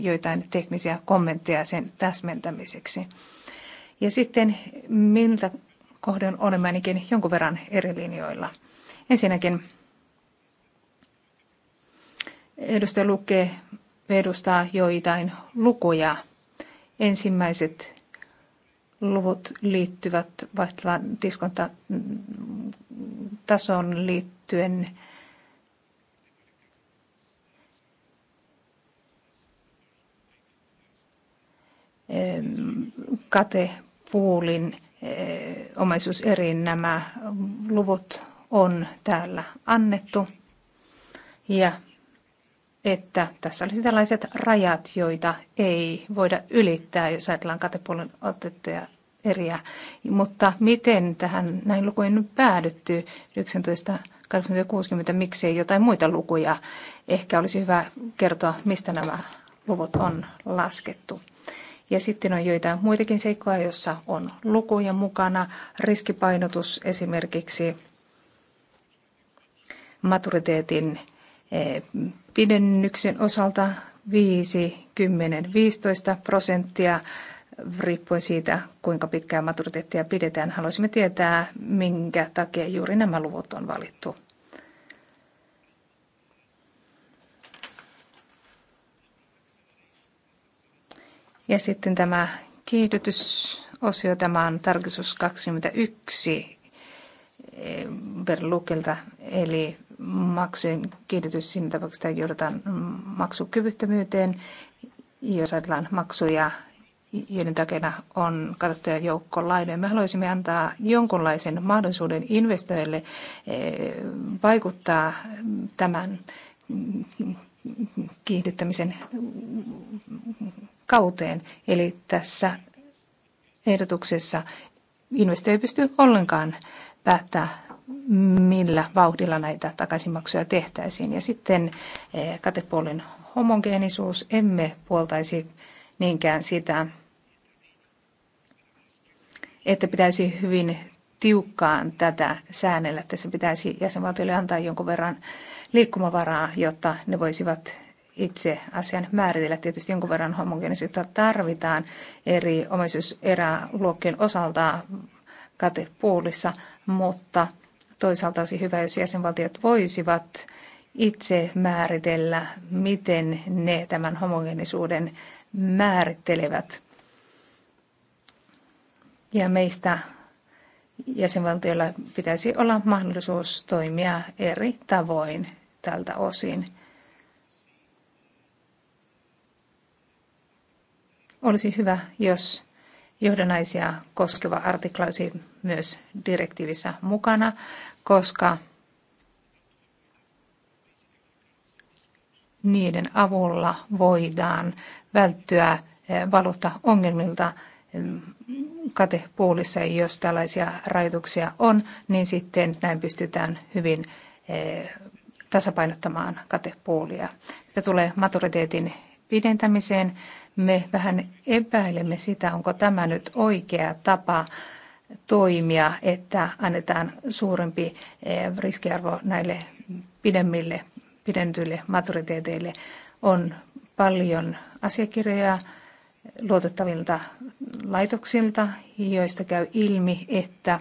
joitain teknisiä kommentteja sen täsmentämiseksi. Ja sitten miltä kohden olemme ainakin jonkun verran eri linjoilla. Ensinnäkin edustaja lukee edustaa joitain lukuja. Ensimmäiset luvut liittyvät vaihtelevan diskontatason liittyen katepuulin eh, omaisuuseriin nämä luvut on täällä annettu ja että tässä olisi tällaiset rajat, joita ei voida ylittää, jos ajatellaan katepuolen otettuja eriä. Mutta miten tähän näin lukuihin nyt päädytty 19 miksi ei jotain muita lukuja? Ehkä olisi hyvä kertoa, mistä nämä luvut on laskettu. Ja sitten on joitain muitakin seikkoja, joissa on lukuja mukana, riskipainotus esimerkiksi maturiteetin eh, pidennyksen osalta 5, 10, 15 prosenttia riippuen siitä, kuinka pitkää maturiteettia pidetään. Haluaisimme tietää, minkä takia juuri nämä luvut on valittu. Ja sitten tämä kiihdytysosio, tämä on tarkistus 21 eh, lukelta eli maksujen kiihdytys siinä tapauksessa, joudutaan maksukyvyttömyyteen, jos ajatellaan maksuja joiden takana on katsottuja joukko lainoja. Me haluaisimme antaa jonkunlaisen mahdollisuuden investoijille eh, vaikuttaa tämän kiihdyttämisen kauteen. Eli tässä ehdotuksessa investoija ei pysty ollenkaan päättää, millä vauhdilla näitä takaisinmaksuja tehtäisiin. Ja sitten eh, katepuolin homogeenisuus. Emme puoltaisi niinkään sitä, että pitäisi hyvin tiukkaan tätä säännellä. Tässä pitäisi jäsenvaltioille antaa jonkun verran liikkumavaraa, jotta ne voisivat itse asian määritellä. Tietysti jonkun verran homogeenisuutta tarvitaan eri omaisuuseräluokkien osalta katepuulissa, mutta toisaalta olisi hyvä, jos jäsenvaltiot voisivat itse määritellä, miten ne tämän homogeenisuuden määrittelevät. Ja meistä jäsenvaltioilla pitäisi olla mahdollisuus toimia eri tavoin tältä osin. Olisi hyvä, jos johdonaisia koskeva artikla olisi myös direktiivissä mukana, koska niiden avulla voidaan välttyä eh, ongelmilta mm, katepuolissa, jos tällaisia rajoituksia on, niin sitten näin pystytään hyvin eh, tasapainottamaan katepuolia. Mitä tulee maturiteetin pidentämiseen. Me vähän epäilemme sitä, onko tämä nyt oikea tapa toimia, että annetaan suurempi eh, riskiarvo näille pidemmille, pidentyille maturiteeteille. On paljon asiakirjoja luotettavilta laitoksilta, joista käy ilmi, että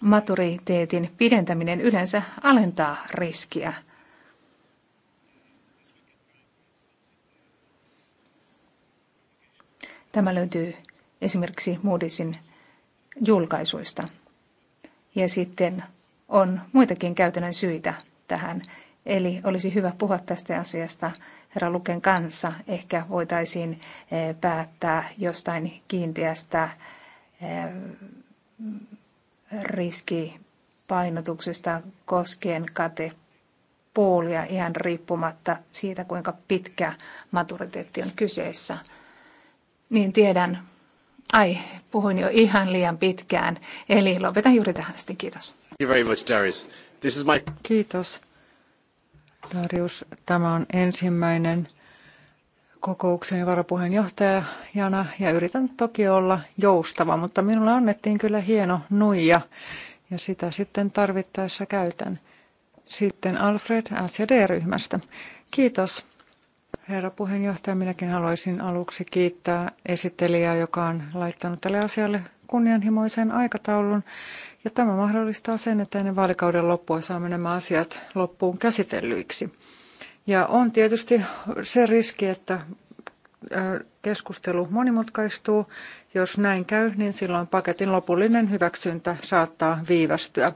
maturiteetin pidentäminen yleensä alentaa riskiä – Tämä löytyy esimerkiksi Moodysin julkaisuista. Ja sitten on muitakin käytännön syitä tähän. Eli olisi hyvä puhua tästä asiasta herra Luken kanssa. Ehkä voitaisiin eh, päättää jostain kiinteästä eh, riskipainotuksesta koskien kate puolia ihan riippumatta siitä, kuinka pitkä maturiteetti on kyseessä niin tiedän, ai, puhuin jo ihan liian pitkään, eli lopetan juuri tähän sitten, kiitos. Kiitos. Darius, tämä on ensimmäinen kokoukseni Jana ja yritän toki olla joustava, mutta minulle annettiin kyllä hieno nuija ja sitä sitten tarvittaessa käytän. Sitten Alfred SJD-ryhmästä. Kiitos. Herra puheenjohtaja, minäkin haluaisin aluksi kiittää esittelijää, joka on laittanut tälle asialle kunnianhimoisen aikataulun. Ja tämä mahdollistaa sen, että ennen vaalikauden loppua saamme nämä asiat loppuun käsitellyiksi. Ja on tietysti se riski, että keskustelu monimutkaistuu. Jos näin käy, niin silloin paketin lopullinen hyväksyntä saattaa viivästyä.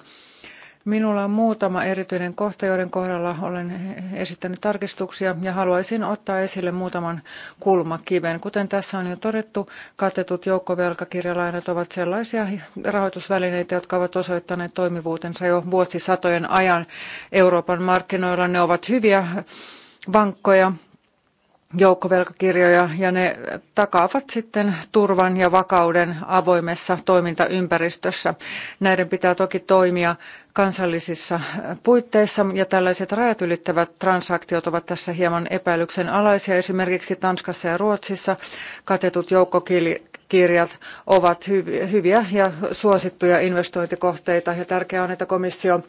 Minulla on muutama erityinen kohta, joiden kohdalla olen esittänyt tarkistuksia ja haluaisin ottaa esille muutaman kulmakiven. Kuten tässä on jo todettu, katetut joukkovelkakirjalainat ovat sellaisia rahoitusvälineitä, jotka ovat osoittaneet toimivuutensa jo vuosisatojen ajan Euroopan markkinoilla. Ne ovat hyviä vankkoja joukkovelkakirjoja ja ne takaavat sitten turvan ja vakauden avoimessa toimintaympäristössä. Näiden pitää toki toimia kansallisissa puitteissa ja tällaiset rajat ylittävät transaktiot ovat tässä hieman epäilyksen alaisia. Esimerkiksi Tanskassa ja Ruotsissa katetut joukkokirjat kirjat ovat hyviä ja suosittuja investointikohteita ja tärkeää on, että komissio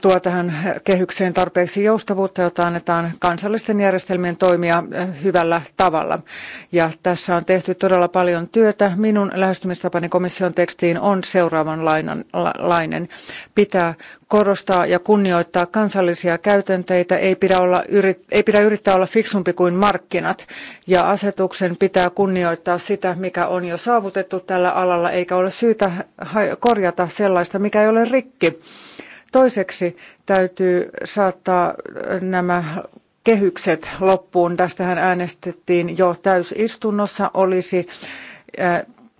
tuo tähän kehykseen tarpeeksi joustavuutta, jota annetaan kansallisten järjestelmien toimia eh, hyvällä tavalla. Ja tässä on tehty todella paljon työtä. Minun lähestymistapani komission tekstiin on seuraavanlainen. Pitää korostaa ja kunnioittaa kansallisia käytänteitä, ei pidä, olla, ei pidä yrittää olla fiksumpi kuin markkinat. Ja asetuksen pitää kunnioittaa sitä, mikä on jo saavutettu tällä alalla, eikä ole syytä korjata sellaista, mikä ei ole rikki. Toiseksi täytyy saattaa nämä kehykset loppuun. Tästähän äänestettiin jo täysistunnossa. Olisi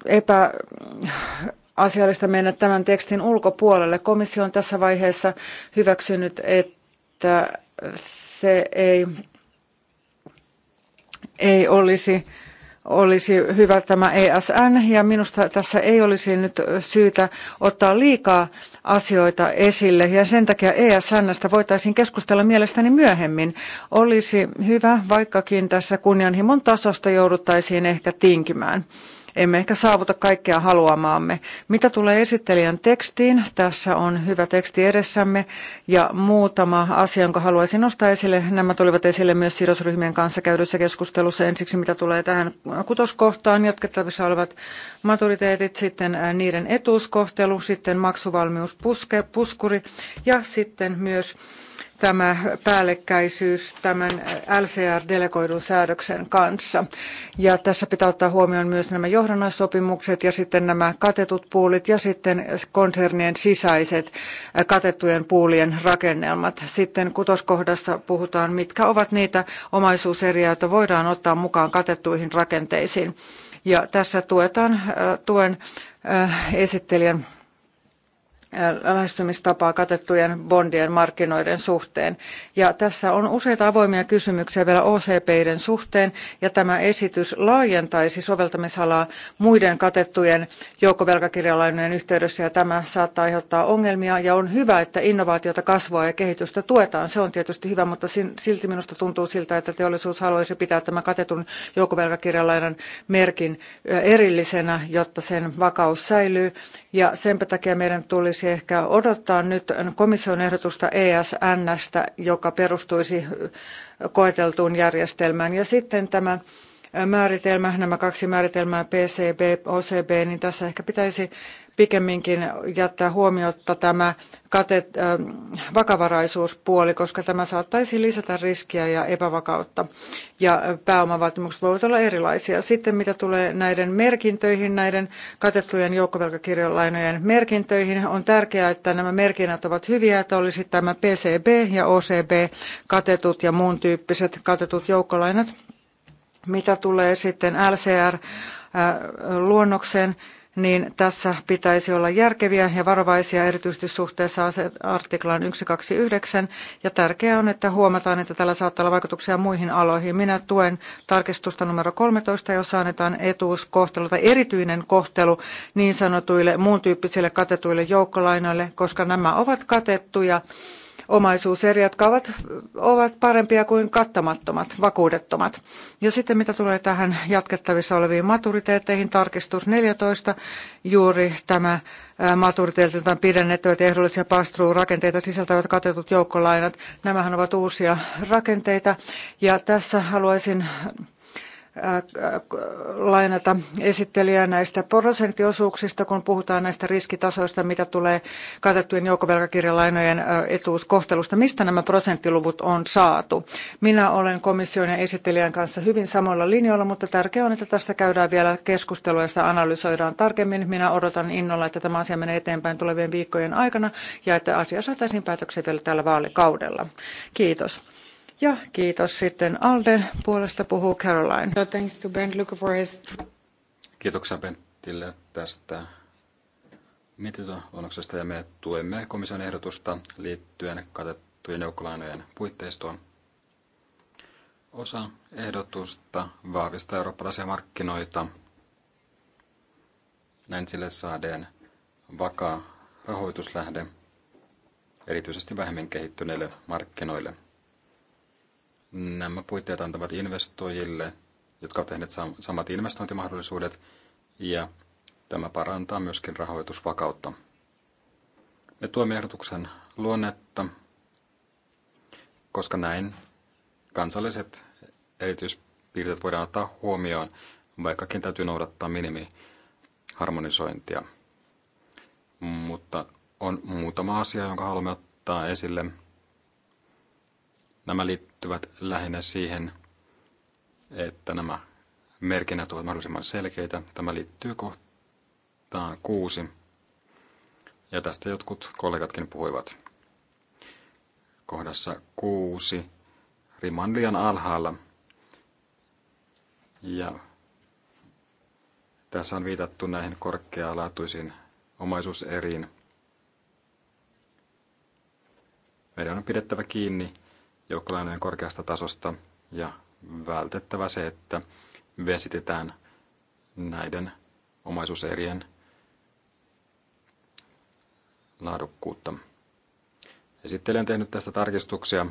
epä asiallista mennä tämän tekstin ulkopuolelle. Komissio on tässä vaiheessa hyväksynyt, että se ei, ei olisi olisi hyvä tämä ESN ja minusta tässä ei olisi nyt syytä ottaa liikaa asioita esille ja sen takia ESNstä voitaisiin keskustella mielestäni myöhemmin. Olisi hyvä, vaikkakin tässä kunnianhimon tasosta jouduttaisiin ehkä tinkimään emme ehkä saavuta kaikkea haluamaamme. Mitä tulee esittelijän tekstiin, tässä on hyvä teksti edessämme ja muutama asia, jonka haluaisin nostaa esille. Nämä tulivat esille myös sidosryhmien kanssa käydyssä keskustelussa. Ensiksi mitä tulee tähän kutoskohtaan, jatkettavissa olevat maturiteetit, sitten niiden etuuskohtelu, sitten maksuvalmiuspuskuri ja sitten myös tämä päällekkäisyys tämän LCR-delegoidun säädöksen kanssa. Ja tässä pitää ottaa huomioon myös nämä johdannaissopimukset ja sitten nämä katetut puulit ja sitten konsernien sisäiset katettujen puulien rakennelmat. Sitten kutoskohdassa puhutaan, mitkä ovat niitä omaisuuseriä, joita voidaan ottaa mukaan katettuihin rakenteisiin. Ja tässä tuetaan tuen esittelijän lähestymistapaa katettujen bondien markkinoiden suhteen. Ja tässä on useita avoimia kysymyksiä vielä OCPiden suhteen, ja tämä esitys laajentaisi soveltamisalaa muiden katettujen joukkovelkakirjalainojen yhteydessä, ja tämä saattaa aiheuttaa ongelmia, ja on hyvä, että innovaatiota, kasvua ja kehitystä tuetaan. Se on tietysti hyvä, mutta silti minusta tuntuu siltä, että teollisuus haluaisi pitää tämän katetun joukkovelkakirjalainan merkin erillisenä, jotta sen vakaus säilyy, ja senpä takia meidän tulisi pitäisi ehkä odottaa nyt komission ehdotusta ESNstä, joka perustuisi koeteltuun järjestelmään. Ja sitten tämä määritelmä, nämä kaksi määritelmää PCB, OCB, niin tässä ehkä pitäisi pikemminkin jättää huomiotta tämä kate, vakavaraisuuspuoli, koska tämä saattaisi lisätä riskiä ja epävakautta. Ja pääomavaatimukset voivat olla erilaisia. Sitten mitä tulee näiden merkintöihin, näiden katettujen joukkovelkakirjalainojen merkintöihin, on tärkeää, että nämä merkinnät ovat hyviä, että olisi tämä PCB ja OCB katetut ja muun tyyppiset katetut joukkolainat. Mitä tulee sitten LCR-luonnokseen, niin tässä pitäisi olla järkeviä ja varovaisia erityisesti suhteessa artiklaan 129. Ja tärkeää on, että huomataan, että tällä saattaa olla vaikutuksia muihin aloihin. Minä tuen tarkistusta numero 13, jossa annetaan etuuskohtelu tai erityinen kohtelu niin sanotuille muun tyyppisille katetuille joukkolainoille, koska nämä ovat katettuja omaisuuseriä, jotka ovat, ovat parempia kuin kattamattomat, vakuudettomat. Ja sitten mitä tulee tähän jatkettavissa oleviin maturiteetteihin, tarkistus 14, juuri tämä maturiteetiltaan pidennettävät ehdollisia pastruurakenteita sisältävät katetut joukkolainat. Nämähän ovat uusia rakenteita ja tässä haluaisin lainata esittelijää näistä prosenttiosuuksista, kun puhutaan näistä riskitasoista, mitä tulee katettujen joukkovelkakirjalainojen etuuskohtelusta. Mistä nämä prosenttiluvut on saatu? Minä olen komission ja esittelijän kanssa hyvin samoilla linjoilla, mutta tärkeää on, että tästä käydään vielä keskustelua ja sitä analysoidaan tarkemmin. Minä odotan innolla, että tämä asia menee eteenpäin tulevien viikkojen aikana ja että asia saataisiin päätökseen vielä tällä vaalikaudella. Kiitos. Ja kiitos sitten Alden puolesta puhuu Caroline. Thanks to for his... Kiitoksia Bentille tästä mietintöluonnoksesta ja me tuemme komission ehdotusta liittyen katettujen joukkolainojen puitteistoon. Osa ehdotusta vahvistaa eurooppalaisia markkinoita näin sille saadaan vakaa rahoituslähde erityisesti vähemmän kehittyneille markkinoille – Nämä puitteet antavat investoijille, jotka ovat tehneet samat investointimahdollisuudet, ja tämä parantaa myöskin rahoitusvakautta. Me tuomme ehdotuksen luonnetta, koska näin kansalliset erityispiirteet voidaan ottaa huomioon, vaikkakin täytyy noudattaa minimiharmonisointia. Mutta on muutama asia, jonka haluamme ottaa esille – Nämä liittyvät lähinnä siihen, että nämä merkinnät ovat mahdollisimman selkeitä. Tämä liittyy kohtaan kuusi. Ja tästä jotkut kollegatkin puhuivat. Kohdassa kuusi. Riman liian alhaalla. Ja tässä on viitattu näihin korkealaatuisiin omaisuuseriin. Meidän on pidettävä kiinni joukkolainojen korkeasta tasosta ja vältettävä se, että vesitetään näiden omaisuuserien laadukkuutta. Esittelijä on tehnyt tästä tarkistuksia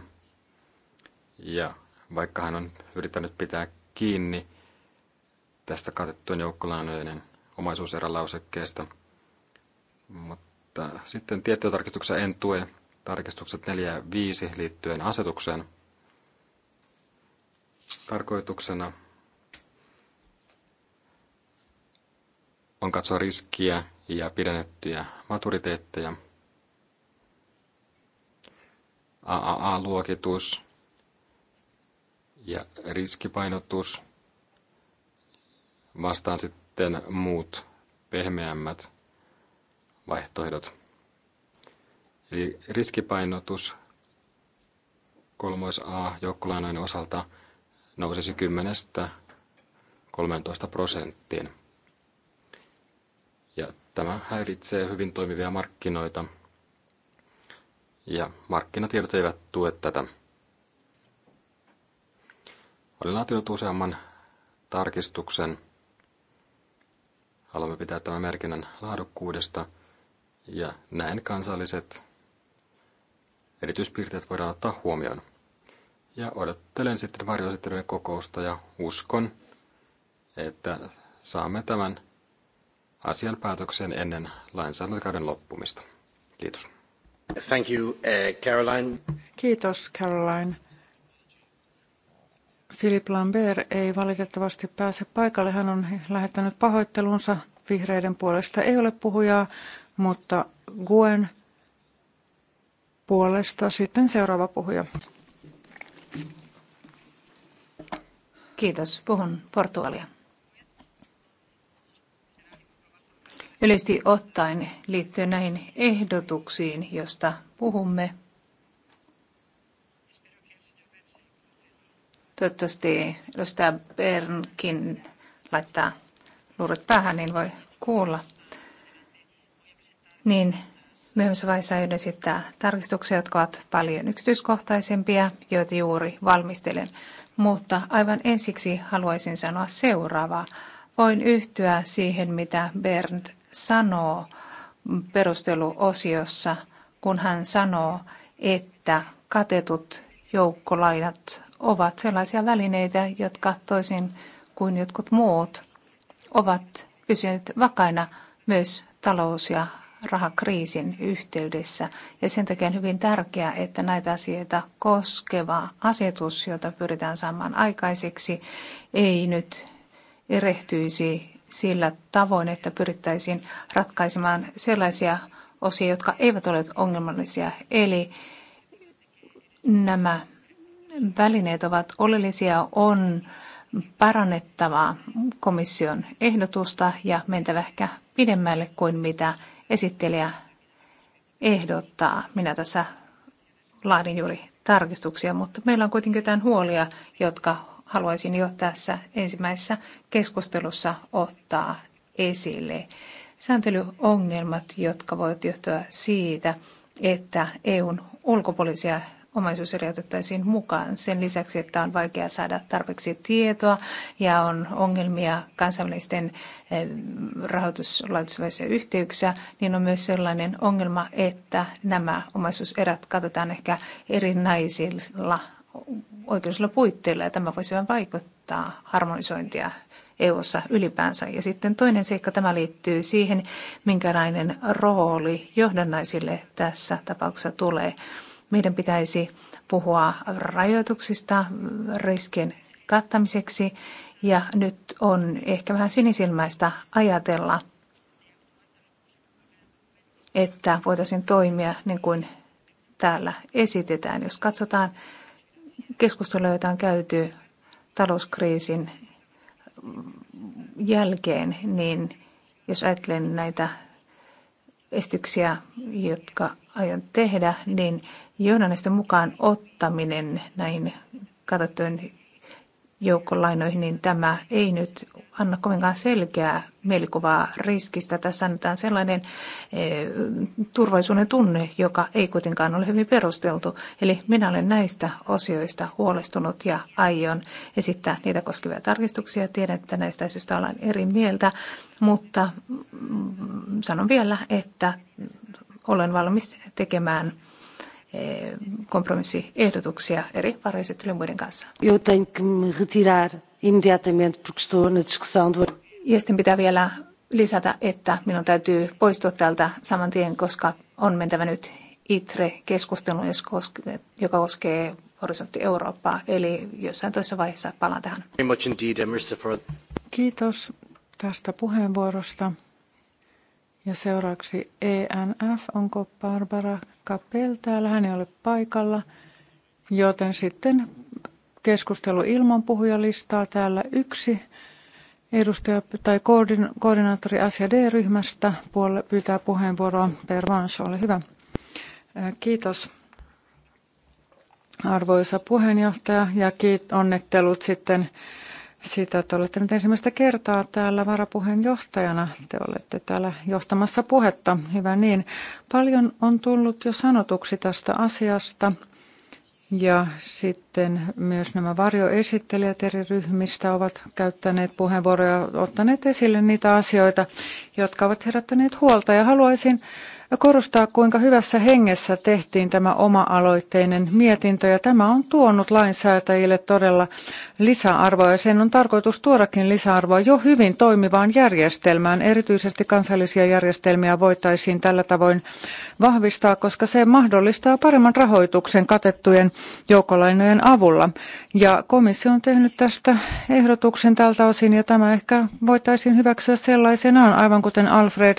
ja vaikka hän on yrittänyt pitää kiinni tästä katettujen joukkolainojen lausekkeesta, mutta sitten tiettyjä tarkistuksia en tue, tarkistukset 4 ja 5 liittyen asetukseen. Tarkoituksena on katsoa riskiä ja pidennettyjä maturiteetteja. AAA-luokitus ja riskipainotus vastaan sitten muut pehmeämmät vaihtoehdot. Eli riskipainotus kolmois A joukkolainojen osalta nousisi 10 13 prosenttiin. Ja tämä häiritsee hyvin toimivia markkinoita. Ja markkinatiedot eivät tue tätä. Olen laatinut useamman tarkistuksen. Haluamme pitää tämän merkinnän laadukkuudesta ja näin kansalliset erityispiirteet voidaan ottaa huomioon. Ja odottelen sitten varjoesittelyjen kokousta ja uskon, että saamme tämän asian päätöksen ennen lainsäädäntökauden loppumista. Kiitos. Thank you, uh, Caroline. Kiitos, Caroline. Philip Lambert ei valitettavasti pääse paikalle. Hän on lähettänyt pahoittelunsa vihreiden puolesta. Ei ole puhujaa, mutta Guen puolesta. Sitten seuraava puhuja. Kiitos. Puhun Portugalia. Yleisesti ottaen liittyen näihin ehdotuksiin, josta puhumme, toivottavasti edustaja Bernkin laittaa luuret päähän, niin voi kuulla. Niin Myöhemmässä vaiheessa aion esittää tarkistuksia, jotka ovat paljon yksityiskohtaisempia, joita juuri valmistelen. Mutta aivan ensiksi haluaisin sanoa seuraavaa. Voin yhtyä siihen, mitä Bernd sanoo perusteluosiossa, kun hän sanoo, että katetut joukkolainat ovat sellaisia välineitä, jotka toisin kuin jotkut muut ovat pysyneet vakaina myös talous- ja rahakriisin yhteydessä. Ja sen takia on hyvin tärkeää, että näitä asioita koskeva asetus, jota pyritään saamaan aikaiseksi, ei nyt erehtyisi sillä tavoin, että pyrittäisiin ratkaisemaan sellaisia osia, jotka eivät ole ongelmallisia. Eli nämä välineet ovat oleellisia, on parannettavaa komission ehdotusta ja mentävä ehkä pidemmälle kuin mitä esittelijä ehdottaa. Minä tässä laadin juuri tarkistuksia, mutta meillä on kuitenkin jotain huolia, jotka haluaisin jo tässä ensimmäisessä keskustelussa ottaa esille. Sääntelyongelmat, jotka voivat johtua siitä, että EUn ulkopuolisia omaisuuseriä otettaisiin mukaan. Sen lisäksi, että on vaikea saada tarpeeksi tietoa ja on ongelmia kansainvälisten eh, rahoituslaitosvälisiä yhteyksiä, niin on myös sellainen ongelma, että nämä omaisuuserät katsotaan ehkä erinäisillä oikeudellisilla puitteilla ja tämä voisi vain vaikuttaa harmonisointia EU:ssa ylipäänsä. Ja sitten toinen seikka, tämä liittyy siihen, minkälainen rooli johdannaisille tässä tapauksessa tulee. Meidän pitäisi puhua rajoituksista riskien kattamiseksi ja nyt on ehkä vähän sinisilmäistä ajatella, että voitaisiin toimia niin kuin täällä esitetään. Jos katsotaan keskustelua, joita on käyty talouskriisin jälkeen, niin jos ajattelen näitä estyksiä, jotka aion tehdä, niin johdannisten mukaan ottaminen näihin katsottujen joukkolainoihin, niin tämä ei nyt anna kovinkaan selkeää mielikuvaa riskistä. Tässä annetaan sellainen eh, turvallisuuden tunne, joka ei kuitenkaan ole hyvin perusteltu. Eli minä olen näistä osioista huolestunut ja aion esittää niitä koskevia tarkistuksia. Tiedän, että näistä syystä ollaan eri mieltä, mutta mm, sanon vielä, että olen valmis tekemään – Eh, kompromissiehdotuksia eri varjoesittelyjen muiden kanssa. Eu tenho que me retirar imediatamente porque estou na discussão do... Ja sitten pitää vielä lisätä, että minun täytyy poistua täältä saman tien, koska on mentävä nyt ITRE-keskustelu, joka koskee Horisontti Eurooppaa. Eli jossain toisessa vaiheessa palaan tähän. Kiitos tästä puheenvuorosta. Ja seuraavaksi ENF. Onko Barbara Kapel täällä? Hän ei ole paikalla. Joten sitten keskustelu ilman puhujalistaa. Täällä yksi edustaja tai koordinaattori D ryhmästä pyytää puheenvuoroa. Pervans, ole hyvä. Äh, kiitos arvoisa puheenjohtaja ja kiit onnittelut sitten sitä, että olette nyt ensimmäistä kertaa täällä varapuheenjohtajana. Te olette täällä johtamassa puhetta. Hyvä niin. Paljon on tullut jo sanotuksi tästä asiasta. Ja sitten myös nämä varjoesittelijät eri ryhmistä ovat käyttäneet puheenvuoroja, ottaneet esille niitä asioita, jotka ovat herättäneet huolta. Ja haluaisin korostaa, kuinka hyvässä hengessä tehtiin tämä oma-aloitteinen mietintö ja tämä on tuonut lainsäätäjille todella lisäarvoa ja sen on tarkoitus tuodakin lisäarvoa jo hyvin toimivaan järjestelmään. Erityisesti kansallisia järjestelmiä voitaisiin tällä tavoin vahvistaa, koska se mahdollistaa paremman rahoituksen katettujen joukkolainojen avulla. Ja komissio on tehnyt tästä ehdotuksen tältä osin ja tämä ehkä voitaisiin hyväksyä sellaisenaan, aivan kuten Alfred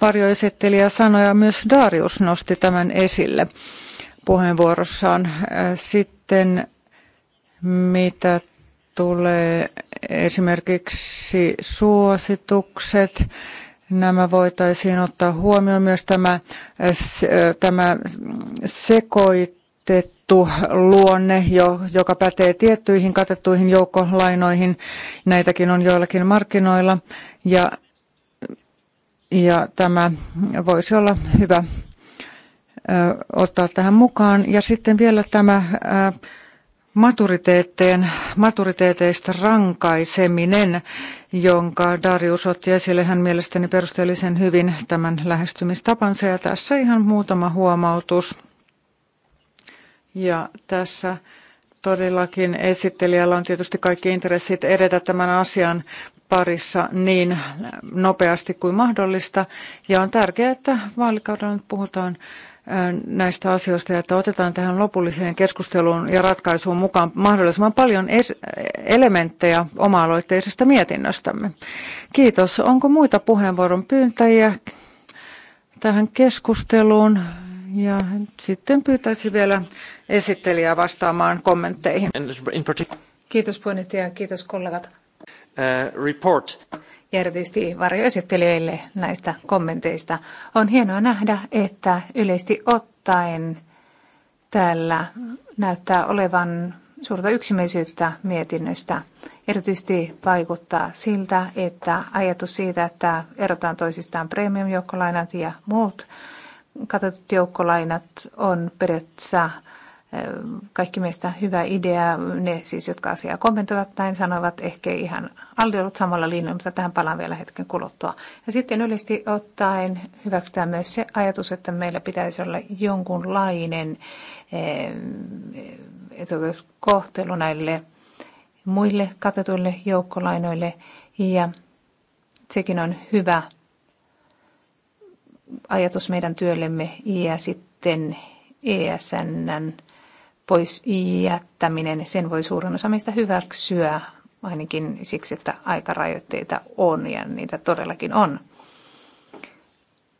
varjoesittelijä sanoi ja myös Darius nosti tämän esille puheenvuorossaan. Äh, sitten mitä tulee esimerkiksi suositukset, nämä voitaisiin ottaa huomioon myös tämä, äh, tämä sekoitettu luonne, joka pätee tiettyihin katettuihin joukkolainoihin. Näitäkin on joillakin markkinoilla. Ja ja tämä voisi olla hyvä ottaa tähän mukaan. Ja sitten vielä tämä maturiteetteen, maturiteeteista rankaiseminen, jonka Darius otti esille. Hän mielestäni perusteli sen hyvin tämän lähestymistapansa. Ja tässä ihan muutama huomautus. Ja tässä Todellakin esittelijällä on tietysti kaikki intressit edetä tämän asian parissa niin nopeasti kuin mahdollista. Ja on tärkeää, että vaalikaudella nyt puhutaan näistä asioista ja että otetaan tähän lopulliseen keskusteluun ja ratkaisuun mukaan mahdollisimman paljon elementtejä oma-aloitteisesta mietinnöstämme. Kiitos. Onko muita puheenvuoron pyyntäjiä tähän keskusteluun? Ja sitten pyytäisin vielä esittelijää vastaamaan kommentteihin. Kiitos puheenjohtaja kiitos kollegat. Uh, report. Ja erityisesti varjoesittelijöille näistä kommenteista. On hienoa nähdä, että yleisesti ottaen täällä näyttää olevan suurta yksimielisyyttä mietinnöstä. Erityisesti vaikuttaa siltä, että ajatus siitä, että erotaan toisistaan premium-joukkolainat ja muut katetut joukkolainat on periaatteessa kaikki meistä hyvä idea. Ne siis, jotka asiaa kommentoivat näin, sanoivat ehkä ihan Aldi ollut samalla linjalla, mutta tähän palaan vielä hetken kuluttua. Ja sitten yleisesti ottaen hyväksytään myös se ajatus, että meillä pitäisi olla jonkunlainen kohtelu näille muille katetuille joukkolainoille ja sekin on hyvä – ajatus meidän työllemme ja sitten ESNn pois jättäminen, sen voi suurin osa meistä hyväksyä, ainakin siksi, että aikarajoitteita on ja niitä todellakin on.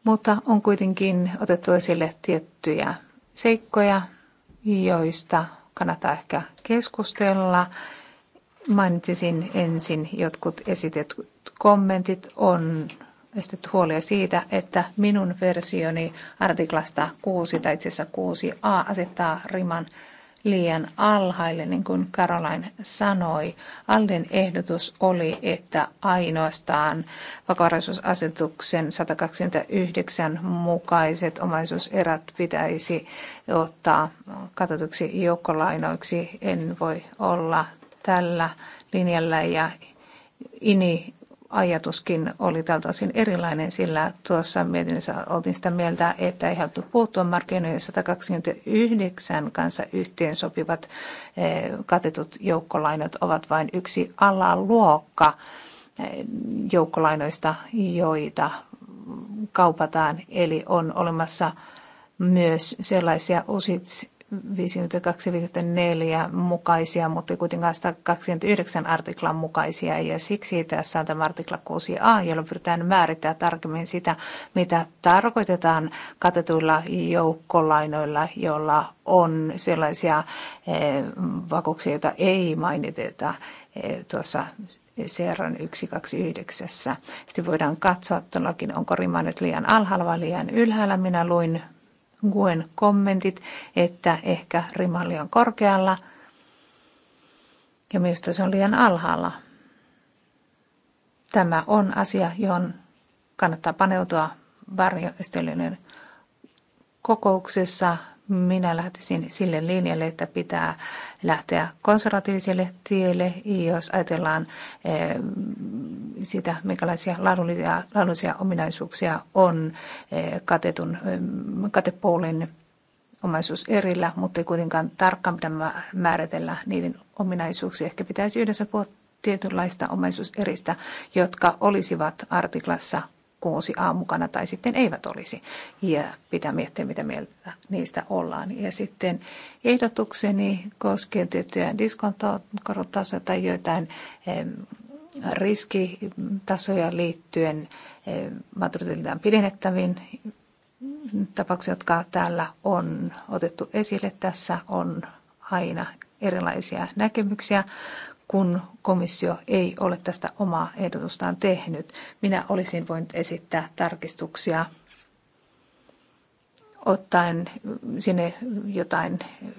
Mutta on kuitenkin otettu esille tiettyjä seikkoja, joista kannattaa ehkä keskustella. Mainitsisin ensin jotkut esitetyt kommentit on esitetty huolia siitä, että minun versioni artiklasta 6 tai itse asiassa 6a asettaa riman liian alhaille, niin kuin Caroline sanoi. Alden ehdotus oli, että ainoastaan vakavaraisuusasetuksen 129 mukaiset omaisuuserät pitäisi ottaa katsotuksi joukkolainoiksi. En voi olla tällä linjalla ja INI ajatuskin oli tältä osin erilainen, sillä tuossa mietinnössä oltiin sitä mieltä, että ei haluttu puuttua markkinoihin 129 kanssa yhteen sopivat eh, katetut joukkolainat ovat vain yksi alaluokka eh, joukkolainoista, joita kaupataan. Eli on olemassa myös sellaisia usits 54 mukaisia, mutta kuitenkaan 129 artiklan mukaisia. Ja siksi tässä on tämä artikla 6a, jolla pyritään määrittämään tarkemmin sitä, mitä tarkoitetaan katetuilla joukkolainoilla, joilla on sellaisia eh, vakuuksia, joita ei mainiteta eh, tuossa CRN 129. Sitten voidaan katsoa että onko rima nyt liian alhaalla vai liian ylhäällä. Minä luin Guen kommentit, että ehkä rima on liian korkealla ja minusta se on liian alhaalla. Tämä on asia, johon kannattaa paneutua varjoistelijoiden kokouksessa minä lähtisin sille linjalle, että pitää lähteä konservatiiviselle tielle, jos ajatellaan eh, sitä, minkälaisia laadullisia, laadullisia ominaisuuksia on eh, katetun, eh, katepoolin omaisuus erillä, mutta ei kuitenkaan tarkkaan pidä määritellä niiden ominaisuuksia. Ehkä pitäisi yhdessä puhua tietynlaista omaisuuseristä, jotka olisivat artiklassa kuusi aamukana tai sitten eivät olisi. Ja pitää miettiä, mitä mieltä niistä ollaan. Ja sitten ehdotukseni koskien tiettyjä diskontokorotasoja tai joitain riskitasoja liittyen maturiteetiltaan pidennettäviin tapauksiin, jotka täällä on otettu esille. Tässä on aina erilaisia näkemyksiä kun komissio ei ole tästä omaa ehdotustaan tehnyt. Minä olisin voinut esittää tarkistuksia ottaen sinne jotain eh,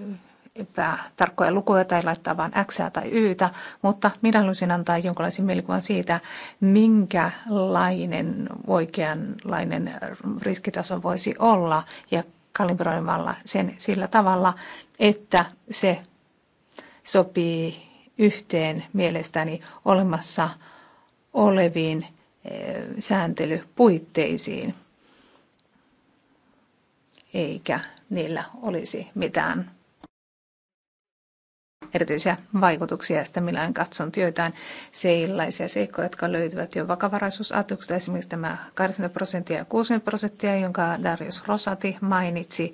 epätarkkoja lukuja tai laittaa vain X tai Y, mutta minä haluaisin antaa jonkinlaisen mielikuvan siitä, minkälainen oikeanlainen riskitaso voisi olla ja kalibroimalla sen sillä tavalla, että se sopii yhteen mielestäni olemassa oleviin eh, sääntelypuitteisiin, eikä niillä olisi mitään erityisiä vaikutuksia, sitä millä on työtään joitain sellaisia seikkoja, jotka löytyvät jo vakavaraisuusajatuksesta, esimerkiksi tämä 80 prosenttia ja 60 prosenttia, jonka Darius Rosati mainitsi.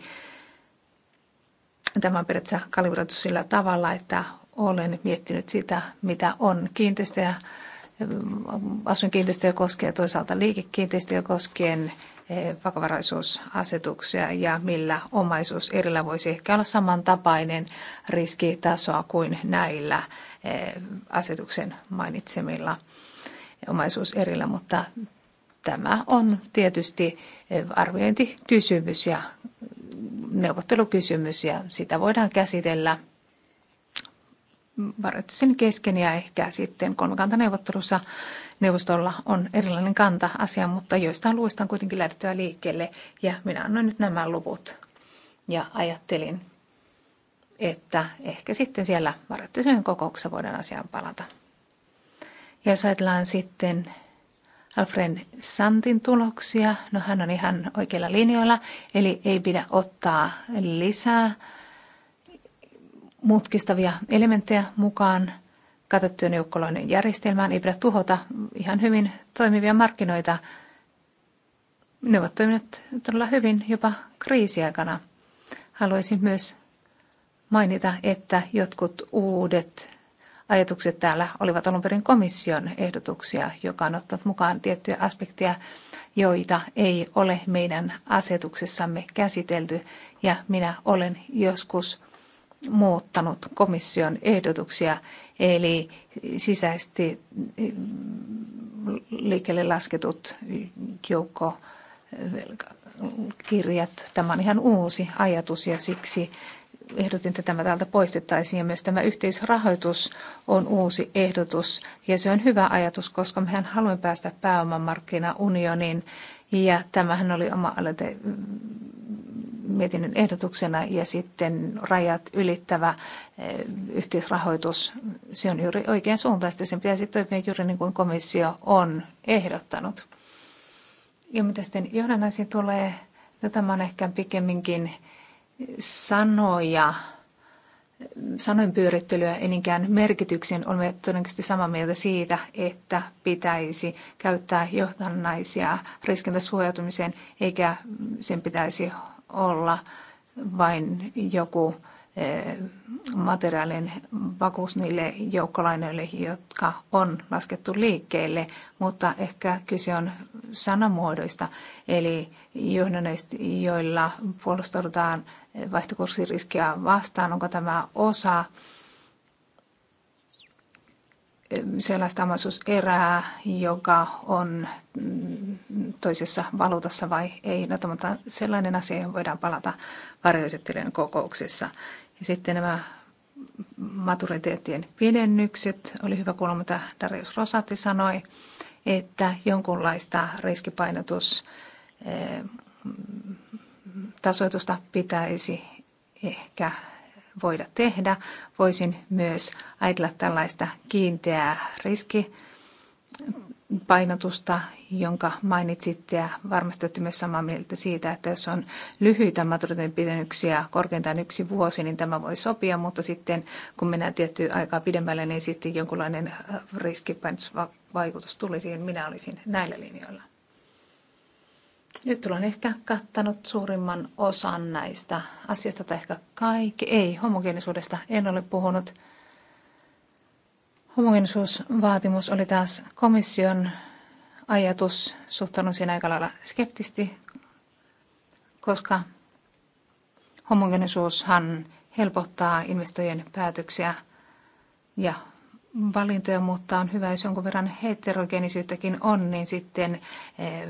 Tämä on periaatteessa kalibroitu sillä tavalla, että olen miettinyt sitä, mitä on kiinteistöjä, asuinkiinteistöjä koskien toisaalta liikekiinteistöjä koskien eh, vakavaraisuusasetuksia ja millä omaisuus erillä voisi ehkä olla samantapainen riskitasoa kuin näillä eh, asetuksen mainitsemilla omaisuus erillä, mutta tämä on tietysti eh, arviointikysymys ja neuvottelukysymys ja sitä voidaan käsitellä varoituksen kesken ja ehkä sitten kolmikantaneuvottelussa neuvostolla on erilainen kanta asia, mutta joistain luvuista on kuitenkin lähdettävä liikkeelle ja minä annoin nyt nämä luvut ja ajattelin, että ehkä sitten siellä varoituksen kokouksessa voidaan asiaan palata. Ja jos ajatellaan sitten Alfred Santin tuloksia, no hän on ihan oikeilla linjoilla, eli ei pidä ottaa lisää mutkistavia elementtejä mukaan katettujen joukkolainen järjestelmään. Ei pidä tuhota ihan hyvin toimivia markkinoita. Ne ovat toimineet todella hyvin jopa kriisiaikana. Haluaisin myös mainita, että jotkut uudet ajatukset täällä olivat alun perin komission ehdotuksia, joka on ottanut mukaan tiettyjä aspekteja, joita ei ole meidän asetuksessamme käsitelty. Ja minä olen joskus muuttanut komission ehdotuksia, eli sisäisesti mm, liikkeelle lasketut joukko kirjat. Tämä on ihan uusi ajatus ja siksi ehdotin, että tämä täältä poistettaisiin. Ja myös tämä yhteisrahoitus on uusi ehdotus ja se on hyvä ajatus, koska mehän haluamme päästä pääomamarkkinaunioniin. Ja tämähän oli oma aloite mm, mietinnön ehdotuksena ja sitten rajat ylittävä eh, yhteisrahoitus, se on juuri oikean suuntaista. Sen pitäisi toimia juuri niin kuin komissio on ehdottanut. Ja mitä sitten johdannaisiin tulee, no tämä on ehkä pikemminkin sanoja, sanoin pyörittelyä eninkään merkityksen. Olemme todennäköisesti samaa mieltä siitä, että pitäisi käyttää johdannaisia riskintä suojautumiseen, eikä sen pitäisi olla vain joku eh, materiaalin vakuus niille joukkolainoille, jotka on laskettu liikkeelle, mutta ehkä kyse on sanamuodoista, eli johdanneista, joilla puolustaudutaan vaihtokurssiriskiä vastaan, onko tämä osa sellaista omaisuuserää, joka on mm, toisessa valuutassa vai ei. No, mutta sellainen asia, johon voidaan palata varjoesittelijän kokouksessa. Ja sitten nämä maturiteettien pidennykset. Oli hyvä kuulla, mitä Darius Rosati sanoi, että jonkunlaista riskipainotus eh, mm, tasoitusta pitäisi ehkä voida tehdä. Voisin myös ajatella tällaista kiinteää riskipainotusta, jonka mainitsitte ja varmasti olette myös samaa mieltä siitä, että jos on lyhyitä maturiteetin pidennyksiä, korkeintaan yksi vuosi, niin tämä voi sopia, mutta sitten kun mennään tiettyä aikaa pidemmälle, niin sitten jonkunlainen riskipainotusvaikutus tulisi, minä olisin näillä linjoilla. Nyt olen ehkä kattanut suurimman osan näistä asioista, tai ehkä kaikki. Ei, homogeenisuudesta en ole puhunut. Homogeenisuusvaatimus oli taas komission ajatus. Suhtaudun siinä aika lailla skeptisti, koska homogeenisuushan helpottaa investoijien päätöksiä ja valintoja, mutta on hyvä, jos jonkun verran heterogeenisyyttäkin on, niin sitten eh,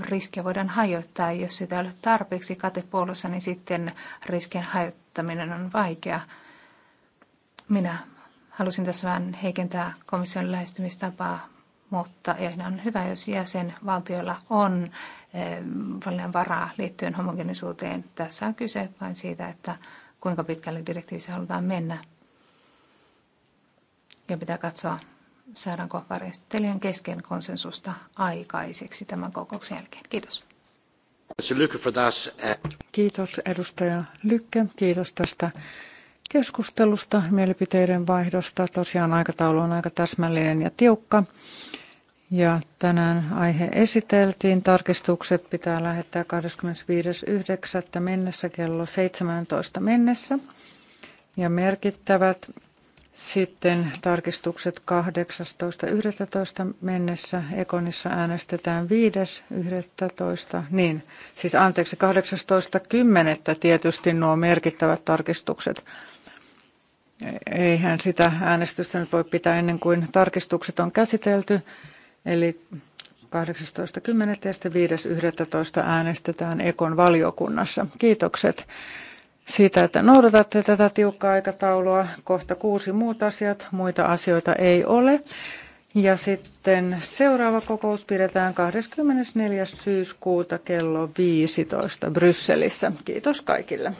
riskiä voidaan hajoittaa. Jos sitä ei ole tarpeeksi katepuolossa, niin sitten riskien hajottaminen on vaikea. Minä halusin tässä vähän heikentää komission lähestymistapaa, mutta ehkä on hyvä, jos jäsenvaltioilla on eh, valinnan varaa liittyen homogenisuuteen. Tässä on kyse vain siitä, että kuinka pitkälle direktiivissä halutaan mennä ja pitää katsoa, saadaanko varjastelijan kesken konsensusta aikaiseksi tämän kokouksen jälkeen. Kiitos. Uh, kiitos edustaja Lykke, kiitos tästä keskustelusta, mielipiteiden vaihdosta. Tosiaan aikataulu on aika täsmällinen ja tiukka. Ja tänään aihe esiteltiin. Tarkistukset pitää lähettää 25.9. mennessä kello 17 mennessä. Ja merkittävät sitten tarkistukset 18.11. mennessä. Ekonissa äänestetään 5.11. Niin, siis anteeksi, 18.10. tietysti nuo merkittävät tarkistukset. Eihän sitä äänestystä nyt voi pitää ennen kuin tarkistukset on käsitelty. Eli 18.10. ja sitten 5.11. äänestetään Ekon valiokunnassa. Kiitokset siitä, että noudatatte tätä tiukkaa aikataulua. Kohta kuusi muut asiat, muita asioita ei ole. Ja sitten seuraava kokous pidetään 24. syyskuuta kello 15 Brysselissä. Kiitos kaikille.